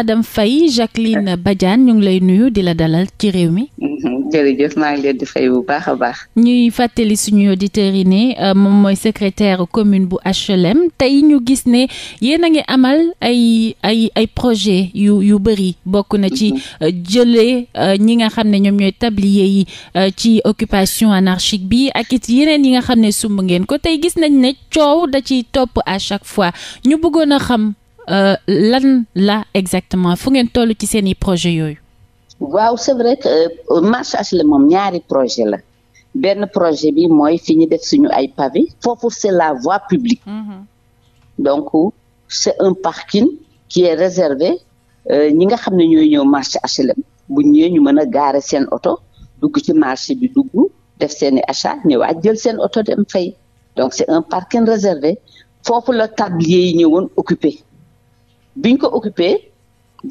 madame Faye Jacqueline Badiane ñu ngi lay nuyu di la dalal ci réew mi. Mm-hmm. jërëjëf maa ngi leen bu baax a baax. ñuy fàttali suñu auditeurs yi ne euh, moom mooy secretaire commune bu achelem tey ñu gis ne yéen a ngi amal ay ay ay projet yu yu bëri bokk na ci mm-hmm. euh, jële euh, ñi nga xam ne ñoom ñooy tablier yi ci occupation anarchique bi ak it yeneen yi nga xam ne sumb ngeen ko tey gis nañ ne coow da ciy topp à chaque fois ñu bëggoon xam. Euh, lan la exactement fu ngeen toll ci seen i projet yooyu. waaw c'est vrai que euh, marché la moom ñaari projet la benn projet bi mooy fi ñu def suñu ay pavé foofu c'est la voie publique. Mm-hmm. donc c'est un parking qui est réservé euh, ñi nga xam ne ñooy ñëw marché HLM bu ñëwee ñu mën a gaare seen oto dugg ci marché bi dugg def seen i achat ñëwaat jël seen oto dem fay donc c'est un parking réservé foofu la tablier yi ñëwoon occupé biñ ko occupé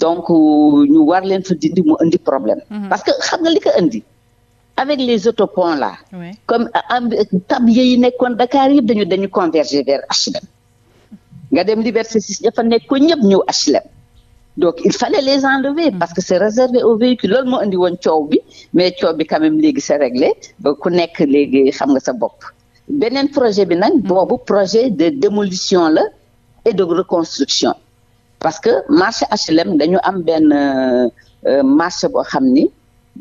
donc ñu war leen fa dindi mu indi problème. Mhm. parce que xam nga li ko indi. avec les autoponts la Oui. comme ah, am tablier yi nekkoon Dakar yëpp dañu dañu converger vers HLM. nga dem Liberté 6 dafa nekkoon ñëpp ñëw HLM. donc il fallait les enlever parce que c'est réservé aux véhicules loolu moo indi woon coow bi mais coow bi quand même léegi c'est réglé ba ku nekk léegi xam nga sa bopp. beneen projet bi nag. Mhm. boobu projet de démolition la et de reconstruction. parce que marché HLM dañu am benn euh, euh, marché boo xam ni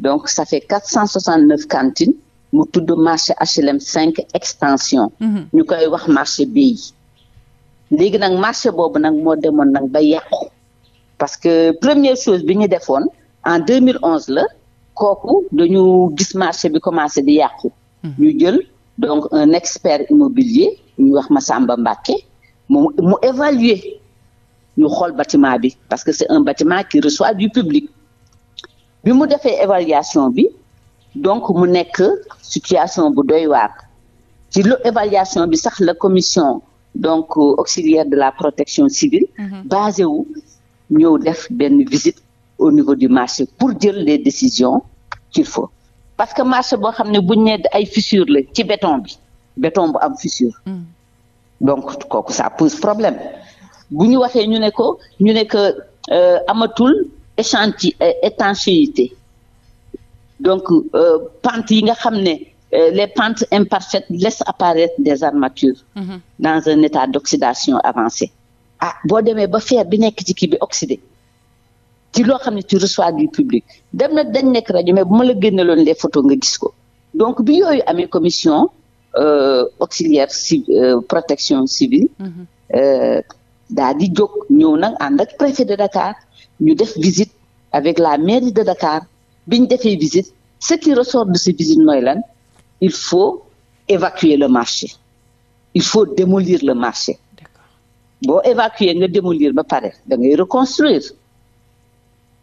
donc ça fait quatre cent soixante neuf cantines mu tudd marché HLM cinq extension. Mhm. ñu koy wax marché bii. léegi nag marché boobu nag moo demoon nag ba yàqu parce que première chose bi ñu defoon en 2011 la kooku dañu gis marché bi commencé di yàqu. Mhm. ñu jël donc un expert immobilier ñu wax ma Mbacké mu mu évaluer ñu xool bâtiment bi parce que c'est un bâtiment qui reçoit du public bi mu defee évaluation bi donc mu nekk situation bu doy waar ci lu évaluation bi sax la commission donc auxiliaire de la protection civile mhm. basé wu ñëw def benn visite au niveau du marché pour jël les décisions qu'il faut parce que marché boo xam ne buñ ne ay fissure la ci béton bi béton bu am fissure mhm. donc kooku ça pose problème bu ñu waxee ñu ne ko ñu ne que euh, amatul échanti euh, étanchéité donc euh, pente yi nga xam ne les pentes imparfaites les apparaître des armatures mm -hmm. dans un état d'oxydation avancée ah boo demee ba fer bi nekk ci kii bi oxydé ci loo xam ne ci reçoit du public dem dañ nekk rajo mais bu ma la génneloon les photos nga gis ko donc bi yooyu amee commission euh, auxiliaire ci euh, protection civile mhm. daa di jóg ñëw nag ànd ak préfet de Dakar ñu def visite avec la mairie de Dakar bi ñu defee visite ce qui ressort de ces visites mooy lan il faut évacuer le marché il faut démolir le marché boo évacuer nga démolir ba pare da ngay reconstruire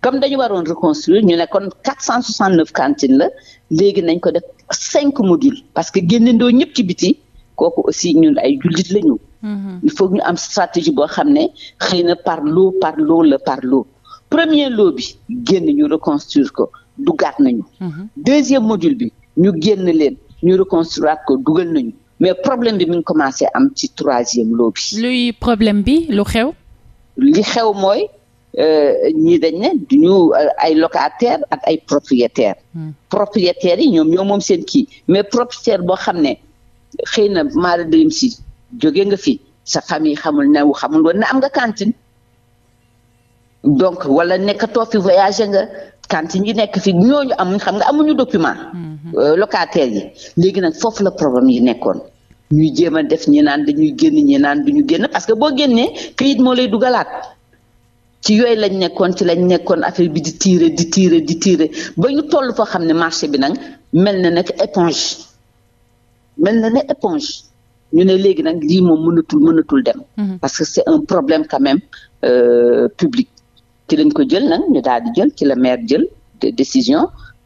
comme dañu waroon reconstruire ñu ne kon 469 cantines la léegi nañ ko def cinq modules parce que génnendoo ñëpp ci biti kooku aussi ñun ay jullit lañu. Mhm. il faut ñu am stratégie boo xam ne xëy na par lot par lot la par lot premier lot bi génn ñu reconstruire ko duggaat nañu. Mhm. deuxième module bi ñu génn leen ñu reconstruire ko dugal nañu mais problème bi mi ngi am ci troisième lot bi. luy problème bi lu xew. li xew mooy. Euh, ñii dañ ne duñu euh, ay locataire ak ay propriétaire mhm. propriétaires yi ñoom ñoo seen kii mais propriétaire boo xam ne xëy na maara dem si jóge nga fi sa famille xamul newu xamul woon na am nga cantine donc wala nekkatoo fi voyager nga cantine yi nekk fi ñooñu amuñ xam nga amuñu document mhm. euh, locataire yi léegi nag foofu la problème yi nekkoon ñuy jéem a def ñi naan dañuy génn ñi naan duñu génn parce que boo génnee këyit moo lay dugalaat ci yooyu lañ nekkoon ci lañ nekkoon affaire bi di tiire di tirer di tirer ba ñu toll foo xam ne marché bi nag mel na nekk éponge mel na ne éponge ñu ne léegi nag lii moom mënatul mënatul dem. Mhm. parce que c' est un problème quand même euh, public. ci lañ ko jël nag ñu daal di jël ci la maire jël décision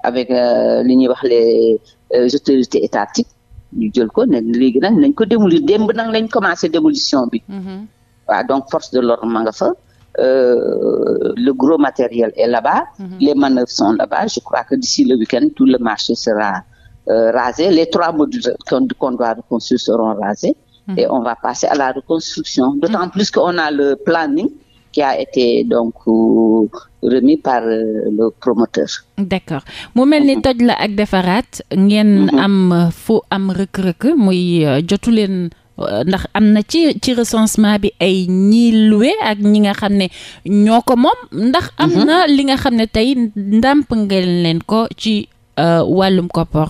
avec euh, li ñuy wax le euh, autorités étatiques ñu jël ko ne léegi nag nañ ko démolir démb nag lañ commencé démolition bi. Mhm. waaw donc force de l'ordre ma nga fa. Euh, le gros matériel est là-bas. Mm -hmm. Les manœuvres sont là-bas. Je crois que d'ici le week-end, tout le marché sera Euh, rasés. Les trois modules qu'on doit reconstruire seront rasés et on va passer à la reconstruction. D'autant mmh. plus qu'on a le planning qui a été donc euh, remis par euh, le promoteur. d'accord mu mel ni toj la ak defaraat. ngeen am fu am rëkk-rëkk muy jotu leen ndax am na ci ci recensement bi ay ñi loué ak ñi nga xam ne ñoo ko moom. ndax am na li nga xam ne tey ndàmp ngeen leen ko ci wàllum koppar.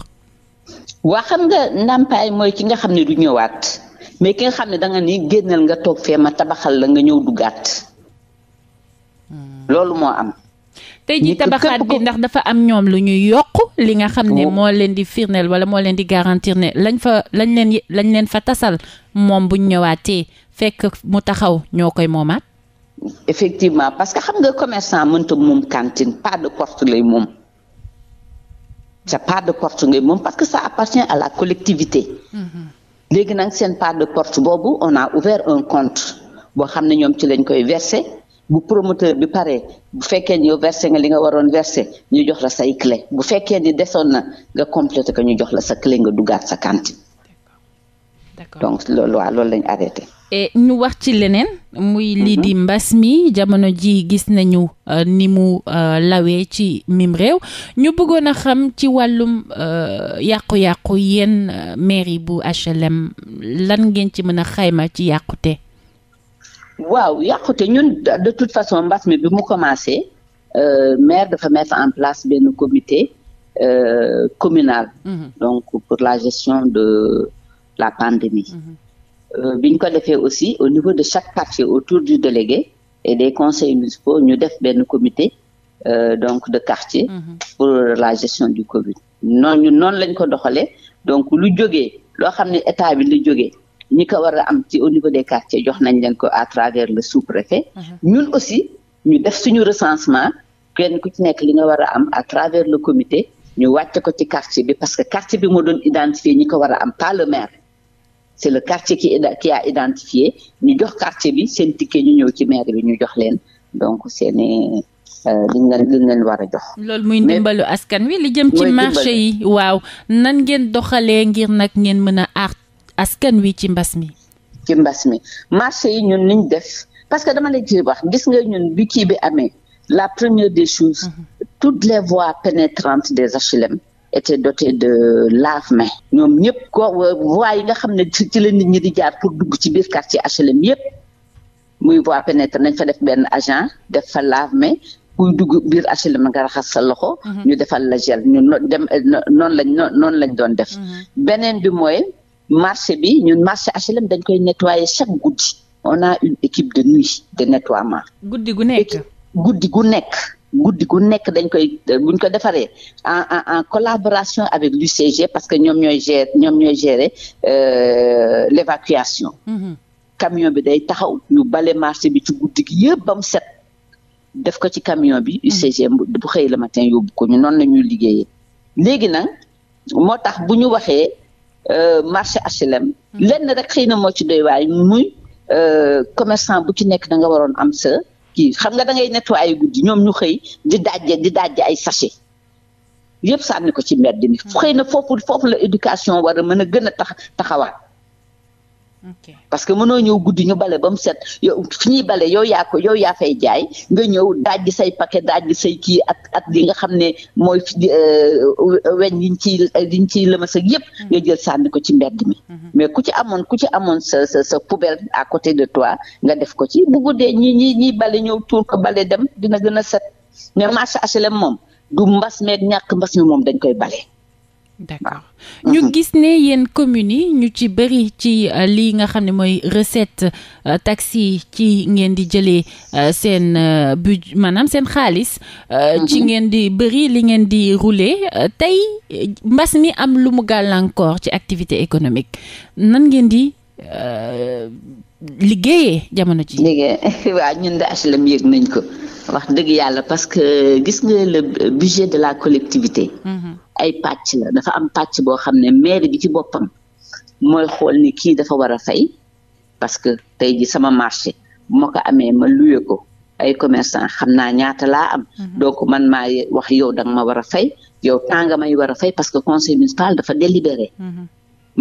waa xam nga ndàmpaay mooy ki nga xam ne du ñëwaat mais ki nga xam ne danga nga ni génnal nga toog fee ma tabaxal la nga ñëw duggaat hmm. loolu moo am. tey jii tabaxaat bi ndax dafa am ñoom lu ñuy yokk li nga xam ne oh. moo leen di firndeel wala moo leen di garantir ne lañ fa lañ leen lañ leen fa tasal moom buñ ñëwaatee fekk mu taxaw ñoo koy moomaat. effectivement parce que xam nga commerçant mënta moom cantine pas de porte lay moom. sa part de porte ngay moom parce que ça appartient à la collectivité mm-hmm. léegi nag seen part de porte boobu on a ouvert un compte boo xam ne ñoom ci lañ koy verse bu promoteur bi pare bu fekkee ni yow versé nga li nga waroon versé ñu jox la say clé bu fekkee ni desoon na nga complété ko ñu jox la sa clé nga duggaat sa cantine donc loolu waaw loolu lañ arrêté et ñu wax ci leneen muy mhm. lii di mbas mi jamono ji gis nañu e, ni mu e, lawee ci mim réew ñu bëggoon a xam ci wàllum e, yàqu-yàqu yéen mairie bu achelem lan ngeen ci mën a xayma ci yàqute waaw yàqute ñu de toute façon mbas mi bi mu commencé maire dafa mettre en place benn communal mhm. donc pour la gestion de la pandémie mhm. Euh, bi ñu ko defee aussi au niveau de chaque quartier autour du délégué et des conseils municipaux ñu def benn comité euh, donc de quartier mhm. pour la gestion du Covid noonu noonu lañ ko doxalee donc lu jógee loo xam ne état bi lu jógee ñi ko war a am ci au niveau des quartiers jox nañ leen ko à travers le sous-préfet mhm. ñun aussi ñu def suñu recensement kenn ku ci nekk li nga war a am à travers le comité ñu wàcce ko ci quartier bi parce que quartier bi moo doon identifier ñi ko war a c'est le quartier qui qui a ñu jox quartier bi seen ticket ñu ñëw ci maire bi ñu jox leen donc seen euh, li ñu leen li ñu leen war a jox. lool muy ndimbalu askan wi li jëm ci marché yi. waaw nan ngeen doxalee ngir nag ngeen mën a aar askan wi ci mbas mi. ci mbas mi marché yi ñun liñ def parce que dama la ci wax gis nga ñun bi kii bi amee la première des choses. Mhm. toutes les voies pénétrantes des HLM. était doté de lave mais ñoom ñëpp ko voies yi nga xam ne ci la nit ñi di jaar pour dugg ci biir quartier HLM yëpp muy voie pénétrante nañ fa def benn agent def fa lave mais kuy dugg biir HLM nga raxas sa loxo. Mhm. ñu defal la gel ñu dem noonu lañ noonu lañ doon def. Mhm. beneen bi mooy marché bi ñun marché HLM dañ koy nettoyer chaque guddi on a une équipe de nuit de nettoiement. guddi gu guddi gu nekk. guddi gu nekk dañ koy buñ ko defaree en en collaboration avec l'UCG parce que ñoom ñooy gérer ñoom ñooy gérer euh, l'évacuation mm-hmm. camion bi day taxaw ñu bale marché bi ci guddi ki yëpp ba mu set def ko ci camion bi mm-hmm. UCG bu xëy la matin yóbbu ko ñu noonu la ñuy liggéeyee léegi nag moo tax bu ñu waxee euh, marché HLM mm-hmm. lenn rek xëy na moo ci doy waaye muy euh, commerçant bu ci nekk da nga waroon am sa kii xam nga dangay ngay nettoyer guddi ñoom ñu xëy di dajje di dajje ay sachet yëpp sànni ko ci mbedd mi hmm. xëy na foofu foofu la éducation war a mën a gën a tax taxawaat Okay. parce que mënoo ñëw guddi ñu bale ba mu set yow fi ñuy bale yow yaa ko yow yaa fay jaay nga ñëw daaj gi say pake daaj gi say kii ak at li nga xam ne mooy euh, weñ yiñ ci liñ ciy lëmas ak yëpp mm-hmm. nga jël sànni ko ci mbedd mi mm-hmm. mais ku ci amoon ku ci amoon sa sa sa poubelle à côté de toi nga def ko ci bu guddee ñi ñi ñiy bale ñëw tuur ko bale dem dina gën a set mais marché HLM moom du mbas meeg ñàkk mbas mi moom dañ koy bale d'accord ah. ñu gis ne yéen communes yi ñu ci bëri ci euh, lii nga xam ne mooy recette euh, taxe yi ci ngeen di jëlee euh, seen budget maanaam seen xaalis mm-hmm. ci ngeen di bëri li ngeen di rouler tey mbas mi am lu mu gàllankoor ci activité économique nan ngeen di liggéeyee jamono ji liggéey waaw ñun de HLM yëg nañ ko wax dëgg yàlla parce que gis nga le budget de la collectivité mhm. ay pàcc la dafa am pàcc boo xam ne maire bi ci boppam mooy xool ni kii dafa war a fay parce que tey ji sama marché bu ma ko amee ma luye ko ay commerçant xam naa ñaata laa am mhm. donc man maa wax yow danga ma war a fay yow tànga may war a parce que conseil municipal dafa délibéré mhm.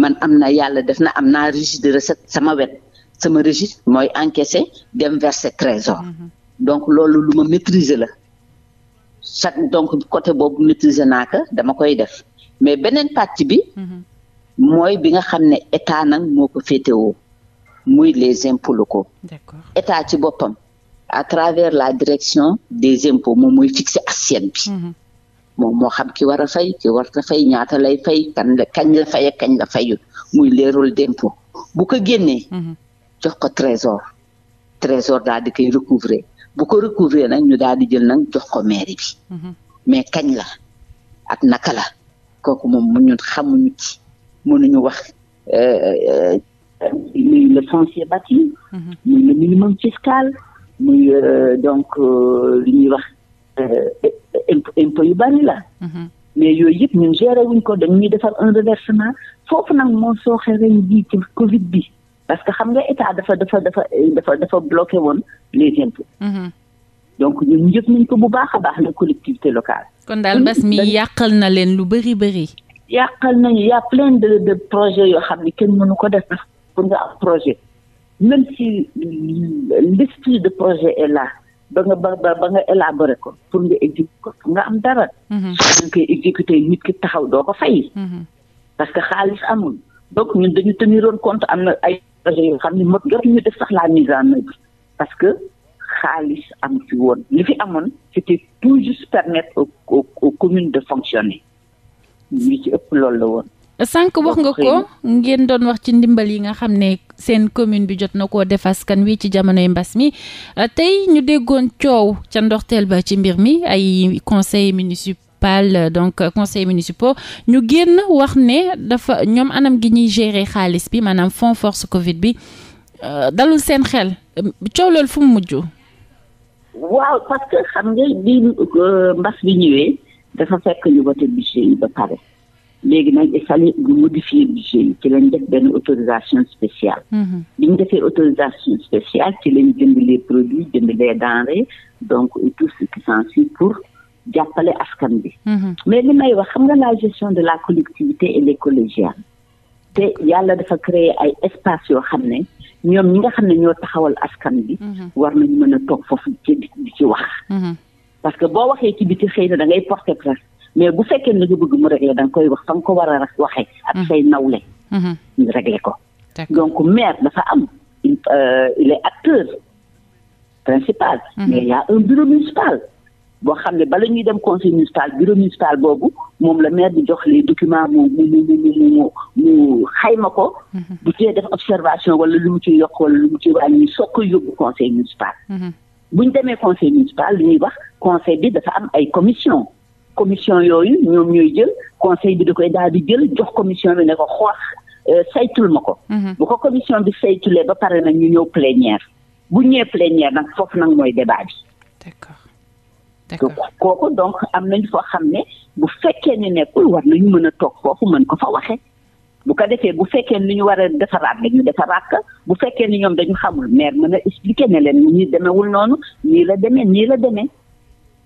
man am na yàlla def na am naa registre sama wet sama registre mooy encaissé dem verser trésor mhm. donc loolu lu maitriser la chaque donc côté boobu maîtriser naa dama koy def mais beneen pàcc bi mhm. mooy bi nga xam ne état nag moo ko muy les impôts locaux état ci boppam à travers la direction des impôts moom muy fixer assiette bi mhm. moom moo xam ki war a fay ki war a fay ñaata lay fay kan la kañ la fay kañ la fayu muy les rôles d'impôt bu ko génnee jox ko trésor trésor daal di koy recouvrer bu ko recouvrer nag ñu daal di jël nag jox ko mairie bi mhm. mais kañ la ak naka la kooku moom ñun xamuñu ci mënuñu wax muy euh, euh, le foncier bâti mhm. muy le minimum fiscal muy euh, donc li ñuy wax impôt yu bari la mhm. mais yooyu yëpp ñun géré wuñ ko dañuy defar un reversement foofu nag moo sooxe ren jii Covid bi parce que xam nga état dafa dafa dafa dafa dafa bloqué woon les impôts. Mhm. donc ñun yëg nañ ko bu baax a baax la collectivité locale. kon daal mbas mi yàqal na leen lu bëri bëri. yàqal nañu y' a plein de de projets yoo xam ne kenn mënu ko def sax pour nga am projet même si l'esprit de projet est là ba nga ba ba nga élaborer ko pour nga exécuter ko pour nga am dara. su ñu koy exécuter nit ki taxaw doo ko fay. Mhm. parce que xaalis amul donc ñun dañu teniroon compte am na ay. projet yoo xam ne mot jotuñu la mise parce que xaalis am fi woon li fi amoon c'était tout juste de fonctionner ñu ëpp loolu la woon sànq wax nga ko ngeen doon wax ci ndimbal yi nga xam ne seen commune bi jot na koo def askan wi ci jamonoy mbas mi tey ñu déggoon coow ca ndoxteel ba ci mbir mi ay conseil municipal municipales euh, donc euh, conseils municipaux ñu génn wax ne dafa ñoom anam gi ñuy gérer xaalis bi maanaam fonds force Covid bi euh, dalul seen xel coow loolu fu mu mujj. waaw parce que xam nga bi mbas bi ñëwee dafa fekk ñu voté budget yi ba pare léegi nag il fallait ñu modifier budget yi ci lañ def benn autorisation spéciale. Mhm. bi ñu defee autorisation spéciale ci lañ jënd les produits jënd les denrées donc tout ce qui pour jàppale askan bi. Mhm. mais li may wax nga la gestion de la collectivité et les collégiens te yàlla dafa créer ay espace xam ne ñoom ñi nga xam ne ñoo taxawal askan bi. Mhm. war nañu mën a toog foofu ci di ci wax. Mhm. parce que boo waxee ci bi xëy na da ngay porter presse mais bu fekkee ne nga bëgg mu régler da wax fa ko war a waxee. ak say nawle. ñu ko. donc maire dafa am euh, il est acteur principal. mais il y a un municipal. boo xam ne bala ñuy dem conseil municipal bureau municipal boobu moom la maire di jox les documents mu mu mu mu mu xayma ko. Mhm. bu cee def observation wala lu mu ci yokk wala lu mu ci wàññi soog koy yóbbu conseil municipal. Mhm. bu ñu demee conseil municipal li ñuy wax conseil bi dafa am ay commission commission yooyu ñoom ñooy jël conseil bi da koy daal di jël jox commission bi ne ko xoox euh, saytul ma ko. Mhm. bu ko commission bi saytulee ba pare nag ñu ñëw plénière bu ñëwee plénière nag foofu nag mooy débat bi. d'accord. d'accord kooku donc am na nañ foo xam ne bu fekkee ni nekkul war na ñu mën a toog foofu mën ko fa waxee bu ko defee bu fekkee ni ñu war a defaraat ñu defaraat ko bu fekkee ni ñoom dañu xamul maire mën a expliquer ne leen ñi demewul noonu nii la demee nii la demee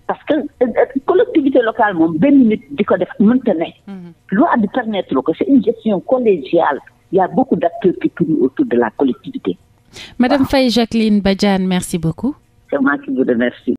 parce que euh, euh, collectivité locale moom benn nit di ko def mënta ne. Mm-hmm. loi bi permettre ko c'est une gestion collégiale il y a beaucoup d'acteurs qui tournent autour de la collectivité. Madame Faye Jacqueline Badiane